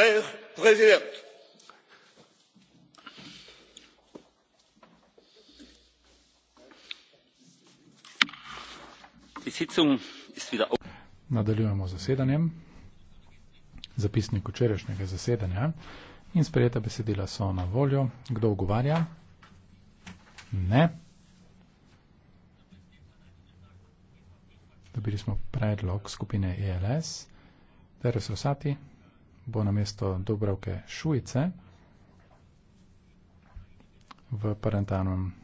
der präsident! nadaljujemo z zasedanjem. zapisnik včerajšnjega zasedanja in sprejeta besedila so na voljo. kdo ugovarja? ne. dobili smo predlog skupine ELS ter Rosati bo na mesto Dobravke Šujce v parentalnem